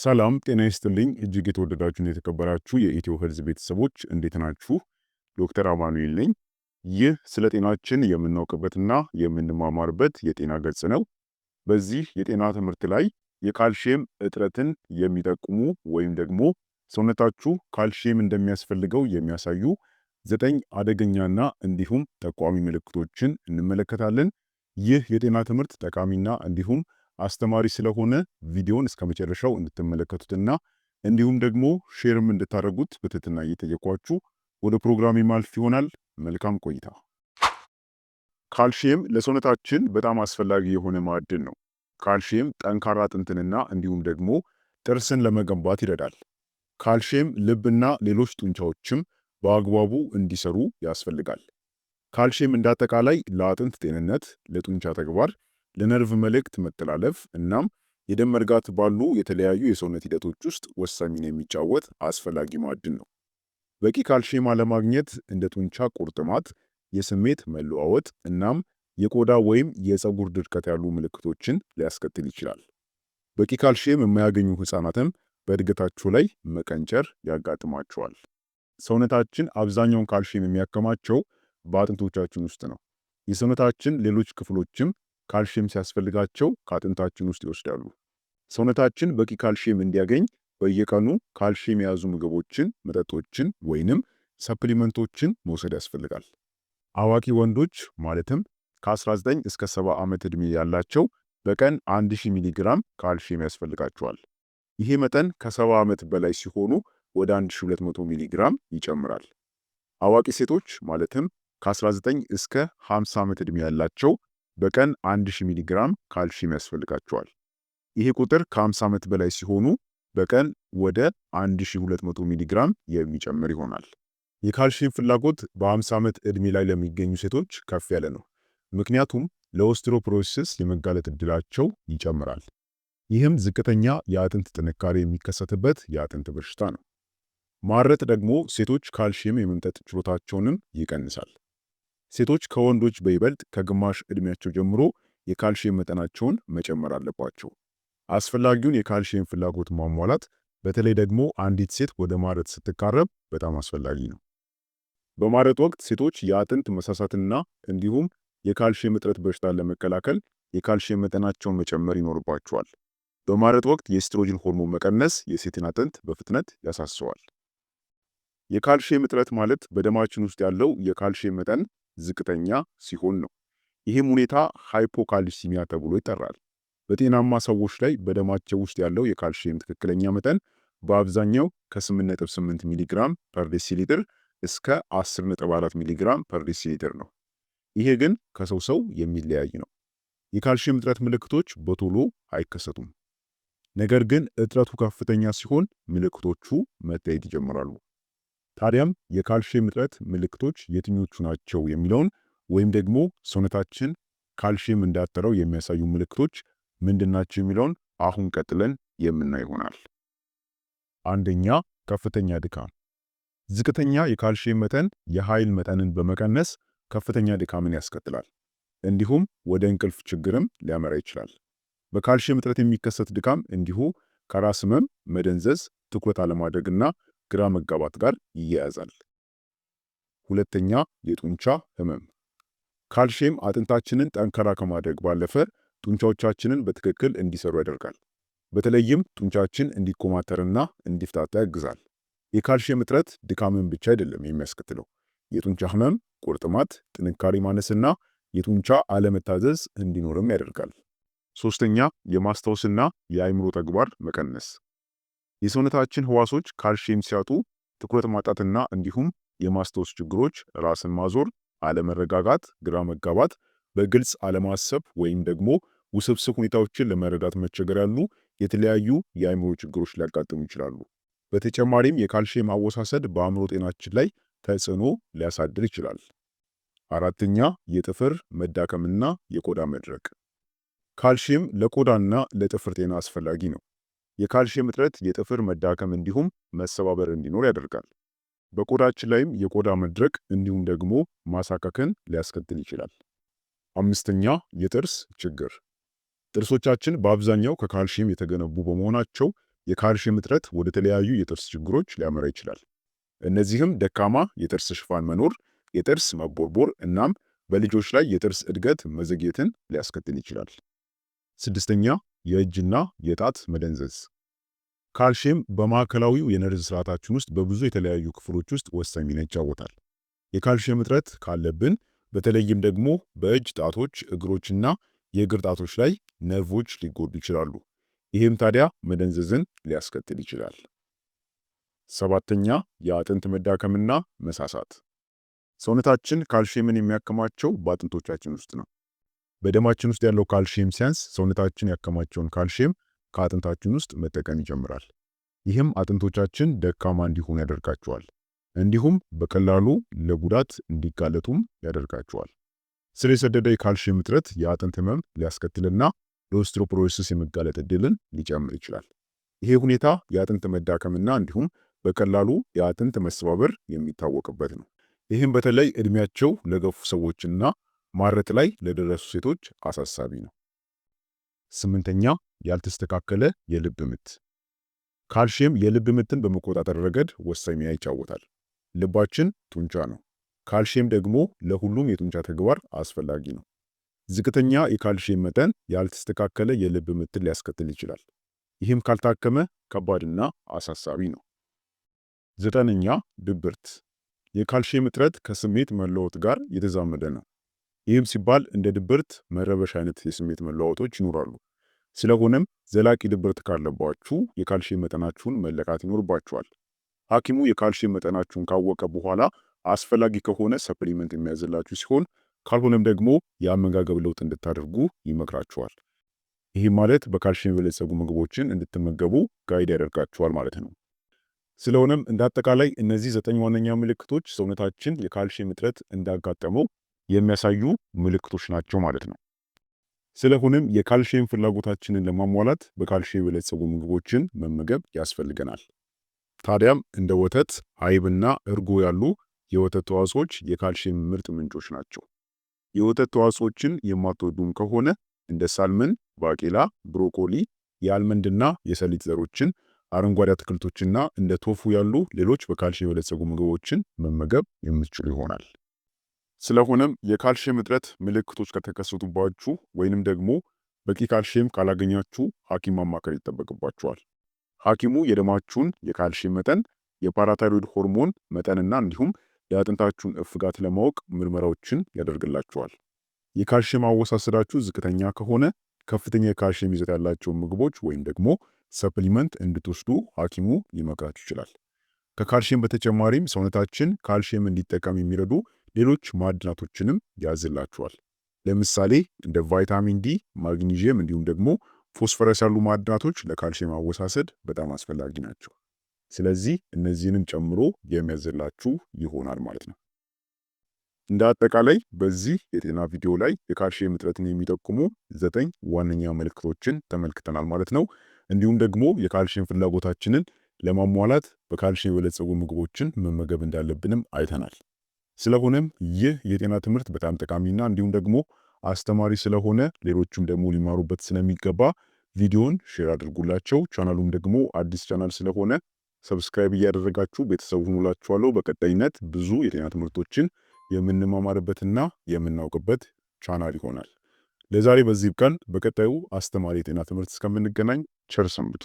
ሰላም ጤና ይስጥልኝ እጅግ የተወደዳችሁን የተከበራችሁ የኢትዮ ህዝብ ቤተሰቦች እንዴት ናችሁ? ዶክተር አማኑኤል ነኝ። ይህ ስለ ጤናችን የምናውቅበትና የምንማማርበት የጤና ገጽ ነው። በዚህ የጤና ትምህርት ላይ የካልሽየም እጥረትን የሚጠቁሙ ወይም ደግሞ ሰውነታችሁ ካልሽየም እንደሚያስፈልገው የሚያሳዩ ዘጠኝ አደገኛና እንዲሁም ጠቋሚ ምልክቶችን እንመለከታለን። ይህ የጤና ትምህርት ጠቃሚና እንዲሁም አስተማሪ ስለሆነ ቪዲዮን እስከ መጨረሻው እንድትመለከቱትና እንዲሁም ደግሞ ሼርም እንድታደርጉት በትህትና እየጠየኳችሁ ወደ ፕሮግራም ማልፍ ይሆናል። መልካም ቆይታ። ካልሽየም ለሰውነታችን በጣም አስፈላጊ የሆነ ማዕድን ነው። ካልሽየም ጠንካራ አጥንትንና እንዲሁም ደግሞ ጥርስን ለመገንባት ይረዳል። ካልሽየም ልብና ሌሎች ጡንቻዎችም በአግባቡ እንዲሰሩ ያስፈልጋል። ካልሽየም እንዳጠቃላይ ለአጥንት ጤንነት፣ ለጡንቻ ተግባር ለነርቭ መልእክት መተላለፍ እናም የደም መርጋት ባሉ የተለያዩ የሰውነት ሂደቶች ውስጥ ወሳኝ ሚና የሚጫወት አስፈላጊ ማዕድን ነው። በቂ ካልሽየም አለማግኘት እንደ ጡንቻ ቁርጥማት፣ የስሜት መለዋወጥ እናም የቆዳ ወይም የፀጉር ድርቀት ያሉ ምልክቶችን ሊያስከትል ይችላል። በቂ ካልሽየም የማያገኙ ህጻናትም በእድገታቸው ላይ መቀንጨር ያጋጥማቸዋል። ሰውነታችን አብዛኛውን ካልሽየም የሚያከማቸው በአጥንቶቻችን ውስጥ ነው። የሰውነታችን ሌሎች ክፍሎችም ካልሽየም ሲያስፈልጋቸው ከአጥንታችን ውስጥ ይወስዳሉ። ሰውነታችን በቂ ካልሽየም እንዲያገኝ በየቀኑ ካልሽየም የያዙ ምግቦችን፣ መጠጦችን ወይንም ሰፕሊመንቶችን መውሰድ ያስፈልጋል። አዋቂ ወንዶች ማለትም ከ19 እስከ 70 ዓመት ዕድሜ ያላቸው በቀን 1000 ሚሊ ግራም ካልሽየም ያስፈልጋቸዋል። ይሄ መጠን ከ70 ዓመት በላይ ሲሆኑ ወደ 1200 ሚሊ ግራም ይጨምራል። አዋቂ ሴቶች ማለትም ከ19 እስከ 50 ዓመት ዕድሜ ያላቸው በቀን 1000 ሚሊ ግራም ካልሽየም ያስፈልጋቸዋል። ይሄ ቁጥር ከ50 ዓመት በላይ ሲሆኑ በቀን ወደ 1200 ሚሊ ግራም የሚጨምር ይሆናል። የካልሽየም ፍላጎት በ50 ዓመት ዕድሜ ላይ ለሚገኙ ሴቶች ከፍ ያለ ነው። ምክንያቱም ለኦስትሮፕሮሲስ የመጋለጥ እድላቸው ይጨምራል። ይህም ዝቅተኛ የአጥንት ጥንካሬ የሚከሰትበት የአጥንት በሽታ ነው። ማረጥ ደግሞ ሴቶች ካልሽየም የመምጠጥ ችሎታቸውንም ይቀንሳል። ሴቶች ከወንዶች በይበልጥ ከግማሽ ዕድሜያቸው ጀምሮ የካልሽየም መጠናቸውን መጨመር አለባቸው። አስፈላጊውን የካልሽየም ፍላጎት ማሟላት በተለይ ደግሞ አንዲት ሴት ወደ ማረጥ ስትቃረብ በጣም አስፈላጊ ነው። በማረጥ ወቅት ሴቶች የአጥንት መሳሳትና እንዲሁም የካልሽየም እጥረት በሽታን ለመከላከል የካልሽየም መጠናቸውን መጨመር ይኖርባቸዋል። በማረጥ ወቅት የኤስትሮጅን ሆርሞን መቀነስ የሴትን አጥንት በፍጥነት ያሳስዋል። የካልሽየም እጥረት ማለት በደማችን ውስጥ ያለው የካልሽየም መጠን ዝቅተኛ ሲሆን ነው። ይህም ሁኔታ ሃይፖካልሲሚያ ተብሎ ይጠራል። በጤናማ ሰዎች ላይ በደማቸው ውስጥ ያለው የካልሽየም ትክክለኛ መጠን በአብዛኛው ከ8.8 ሚሊግራም ፐር ዴሲሊትር እስከ 10.4 ሚሊግራም ፐር ዴሲሊትር ነው። ይሄ ግን ከሰው ሰው የሚለያይ ነው። የካልሽየም እጥረት ምልክቶች በቶሎ አይከሰቱም። ነገር ግን እጥረቱ ከፍተኛ ሲሆን ምልክቶቹ መታየት ይጀምራሉ። ታዲያም የካልሽየም እጥረት ምልክቶች የትኞቹ ናቸው የሚለውን ወይም ደግሞ ሰውነታችን ካልሽየም እንዳጠረው የሚያሳዩ ምልክቶች ምንድናቸው የሚለውን አሁን ቀጥለን የምናይ ይሆናል። አንደኛ ከፍተኛ ድካም። ዝቅተኛ የካልሽየም መጠን የኃይል መጠንን በመቀነስ ከፍተኛ ድካምን ያስከትላል። እንዲሁም ወደ እንቅልፍ ችግርም ሊያመራ ይችላል። በካልሽየም እጥረት የሚከሰት ድካም እንዲሁ ከራስ ህመም፣ መደንዘዝ፣ ትኩረት አለማድረግና ግራ መጋባት ጋር ይያያዛል። ሁለተኛ የጡንቻ ህመም። ካልሽየም አጥንታችንን ጠንካራ ከማድረግ ባለፈ ጡንቻዎቻችንን በትክክል እንዲሰሩ ያደርጋል። በተለይም ጡንቻችን እንዲኮማተርና እንዲፍታታ ያግዛል። የካልሽየም እጥረት ድካምን ብቻ አይደለም የሚያስከትለው። የጡንቻ ህመም ቁርጥማት፣ ጥንካሬ ማነስና የጡንቻ አለመታዘዝ እንዲኖርም ያደርጋል። ሶስተኛ የማስታወስና የአይምሮ ተግባር መቀነስ የሰውነታችን ህዋሶች ካልሽየም ሲያጡ ትኩረት ማጣትና እንዲሁም የማስታወስ ችግሮች፣ ራስን ማዞር፣ አለመረጋጋት፣ ግራ መጋባት፣ በግልጽ አለማሰብ ወይም ደግሞ ውስብስብ ሁኔታዎችን ለመረዳት መቸገር ያሉ የተለያዩ የአእምሮ ችግሮች ሊያጋጥሙ ይችላሉ። በተጨማሪም የካልሽየም አወሳሰድ በአእምሮ ጤናችን ላይ ተጽዕኖ ሊያሳድር ይችላል። አራተኛ የጥፍር መዳከምና የቆዳ መድረቅ። ካልሽየም ለቆዳና ለጥፍር ጤና አስፈላጊ ነው። የካልሽየም እጥረት የጥፍር መዳከም እንዲሁም መሰባበር እንዲኖር ያደርጋል። በቆዳችን ላይም የቆዳ መድረቅ እንዲሁም ደግሞ ማሳከክን ሊያስከትል ይችላል። አምስተኛ የጥርስ ችግር። ጥርሶቻችን በአብዛኛው ከካልሽየም የተገነቡ በመሆናቸው የካልሽየም እጥረት ወደ ተለያዩ የጥርስ ችግሮች ሊያመራ ይችላል። እነዚህም ደካማ የጥርስ ሽፋን መኖር፣ የጥርስ መቦርቦር እናም በልጆች ላይ የጥርስ እድገት መዘግየትን ሊያስከትል ይችላል። ስድስተኛ የእጅና የጣት መደንዘዝ። ካልሽየም በማዕከላዊው የነርቭ ስርዓታችን ውስጥ በብዙ የተለያዩ ክፍሎች ውስጥ ወሳኝ ሚና ይጫወታል። የካልሽየም እጥረት ካለብን በተለይም ደግሞ በእጅ ጣቶች፣ እግሮችና የእግር ጣቶች ላይ ነርቮች ሊጎዱ ይችላሉ። ይህም ታዲያ መደንዘዝን ሊያስከትል ይችላል። ሰባተኛ የአጥንት መዳከምና መሳሳት። ሰውነታችን ካልሽየምን የሚያከማቸው በአጥንቶቻችን ውስጥ ነው። በደማችን ውስጥ ያለው ካልሽየም ሲያንስ ሰውነታችን ያከማቸውን ካልሽየም ከአጥንታችን ውስጥ መጠቀም ይጀምራል። ይህም አጥንቶቻችን ደካማ እንዲሆኑ ያደርጋቸዋል። እንዲሁም በቀላሉ ለጉዳት እንዲጋለጡም ያደርጋቸዋል። ስር የሰደደ የካልሽየም እጥረት የአጥንት ህመም ሊያስከትልና ለኦስትሮፖሮሲስ የመጋለጥ እድልን ሊጨምር ይችላል። ይሄ ሁኔታ የአጥንት መዳከምና እንዲሁም በቀላሉ የአጥንት መሰባበር የሚታወቅበት ነው። ይህም በተለይ እድሜያቸው ለገፉ ሰዎችና ማረጥ ላይ ለደረሱ ሴቶች አሳሳቢ ነው። ስምንተኛ ያልተስተካከለ የልብ ምት። ካልሽየም የልብ ምትን በመቆጣጠር ረገድ ወሳኝ ሚና ይጫወታል። ልባችን ጡንቻ ነው። ካልሽየም ደግሞ ለሁሉም የጡንቻ ተግባር አስፈላጊ ነው። ዝቅተኛ የካልሽየም መጠን ያልተስተካከለ የልብ ምትን ሊያስከትል ይችላል። ይህም ካልታከመ ከባድና አሳሳቢ ነው። ዘጠነኛ ድብርት። የካልሽየም እጥረት ከስሜት መለወጥ ጋር የተዛመደ ነው። ይህም ሲባል እንደ ድብርት፣ መረበሽ አይነት የስሜት መለዋወጦች ይኖራሉ። ስለሆነም ዘላቂ ድብርት ካለባችሁ የካልሽየም መጠናችሁን መለካት ይኖርባችኋል። ሐኪሙ የካልሽየም መጠናችሁን ካወቀ በኋላ አስፈላጊ ከሆነ ሰፕሊመንት የሚያዝላችሁ ሲሆን ካልሆነም ደግሞ የአመጋገብ ለውጥ እንድታደርጉ ይመክራችኋል። ይህ ማለት በካልሽየም የበለጸጉ ምግቦችን እንድትመገቡ ጋይድ ያደርጋችኋል ማለት ነው። ስለሆነም እንደ አጠቃላይ እነዚህ ዘጠኝ ዋነኛ ምልክቶች ሰውነታችን የካልሽየም እጥረት እንዳጋጠመው የሚያሳዩ ምልክቶች ናቸው ማለት ነው። ስለሆነም የካልሽየም ፍላጎታችንን ለማሟላት በካልሽየም የበለጸጉ ምግቦችን መመገብ ያስፈልገናል። ታዲያም እንደ ወተት፣ አይብና እርጎ ያሉ የወተት ተዋጽኦች የካልሽየም ምርጥ ምንጮች ናቸው። የወተት ተዋጽኦችን የማትወዱም ከሆነ እንደ ሳልመን፣ ባቄላ፣ ብሮኮሊ፣ የአልመንድና የሰሊጥ ዘሮችን፣ አረንጓዴ አትክልቶችና እንደ ቶፉ ያሉ ሌሎች በካልሽየም የበለጸጉ ምግቦችን መመገብ የምትችሉ ይሆናል። ስለሆነም የካልሽየም እጥረት ምልክቶች ከተከሰቱባችሁ ወይንም ደግሞ በቂ ካልሽየም ካላገኛችሁ ሐኪም ማማከር ይጠበቅባችኋል። ሐኪሙ የደማችሁን የካልሽየም መጠን፣ የፓራታይሮይድ ሆርሞን መጠንና እንዲሁም የአጥንታችሁን እፍጋት ለማወቅ ምርመራዎችን ያደርግላችኋል። የካልሽየም አወሳሰዳችሁ ዝቅተኛ ከሆነ ከፍተኛ የካልሽየም ይዘት ያላቸውን ምግቦች ወይም ደግሞ ሰፕሊመንት እንድትወስዱ ሐኪሙ ሊመክራችሁ ይችላል። ከካልሽየም በተጨማሪም ሰውነታችን ካልሽየም እንዲጠቀም የሚረዱ ሌሎች ማዕድናቶችንም ያዝላቸዋል። ለምሳሌ እንደ ቫይታሚን ዲ፣ ማግኒዥየም እንዲሁም ደግሞ ፎስፈረስ ያሉ ማዕድናቶች ለካልሲየም አወሳሰድ በጣም አስፈላጊ ናቸው። ስለዚህ እነዚህንም ጨምሮ የሚያዝላችሁ ይሆናል ማለት ነው። እንደ አጠቃላይ በዚህ የጤና ቪዲዮ ላይ የካልሲየም እጥረትን የሚጠቁሙ ዘጠኝ ዋነኛ ምልክቶችን ተመልክተናል ማለት ነው። እንዲሁም ደግሞ የካልሲየም ፍላጎታችንን ለማሟላት በካልሲየም የበለጸጉ ምግቦችን መመገብ እንዳለብንም አይተናል። ስለሆነም ይህ የጤና ትምህርት በጣም ጠቃሚና እንዲሁም ደግሞ አስተማሪ ስለሆነ ሌሎችም ደግሞ ሊማሩበት ስለሚገባ ቪዲዮን ሼር አድርጉላቸው። ቻናሉም ደግሞ አዲስ ቻናል ስለሆነ ሰብስክራይብ እያደረጋችሁ ቤተሰቡ ሁኑላችኋለሁ። በቀጣይነት ብዙ የጤና ትምህርቶችን የምንማማርበትና የምናውቅበት ቻናል ይሆናል። ለዛሬ በዚህ ብቃን። በቀጣዩ አስተማሪ የጤና ትምህርት እስከምንገናኝ ቸር ሰንብቱ።